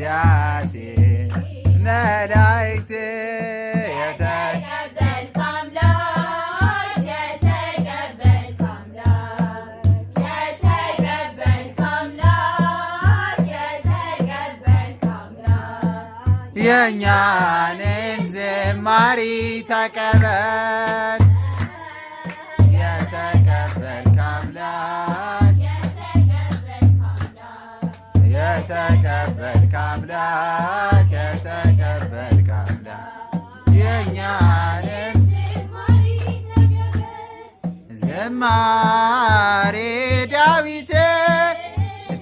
ረዳቴ መላእክት የእኛንም ዝማሪ ተቀበል የተቀበልክ አምላክ የተቀበልክ አምላክ የእኛንም ዘማሬ ዳዊት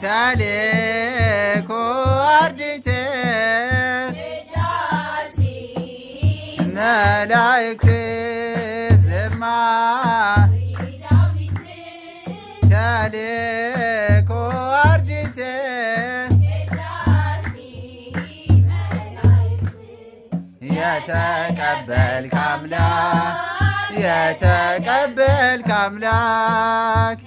ተልኮ መላእክት ተልኮ የተቀበል አምላክ የተቀበል አምላክ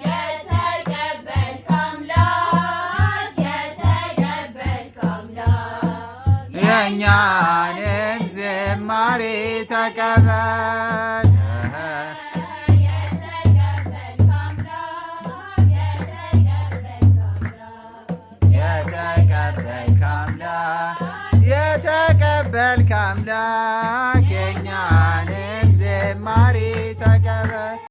የእኛንም ዝማሬ ተቀበል የተቀበልክ በልካም ላከኛንን ዘማሪ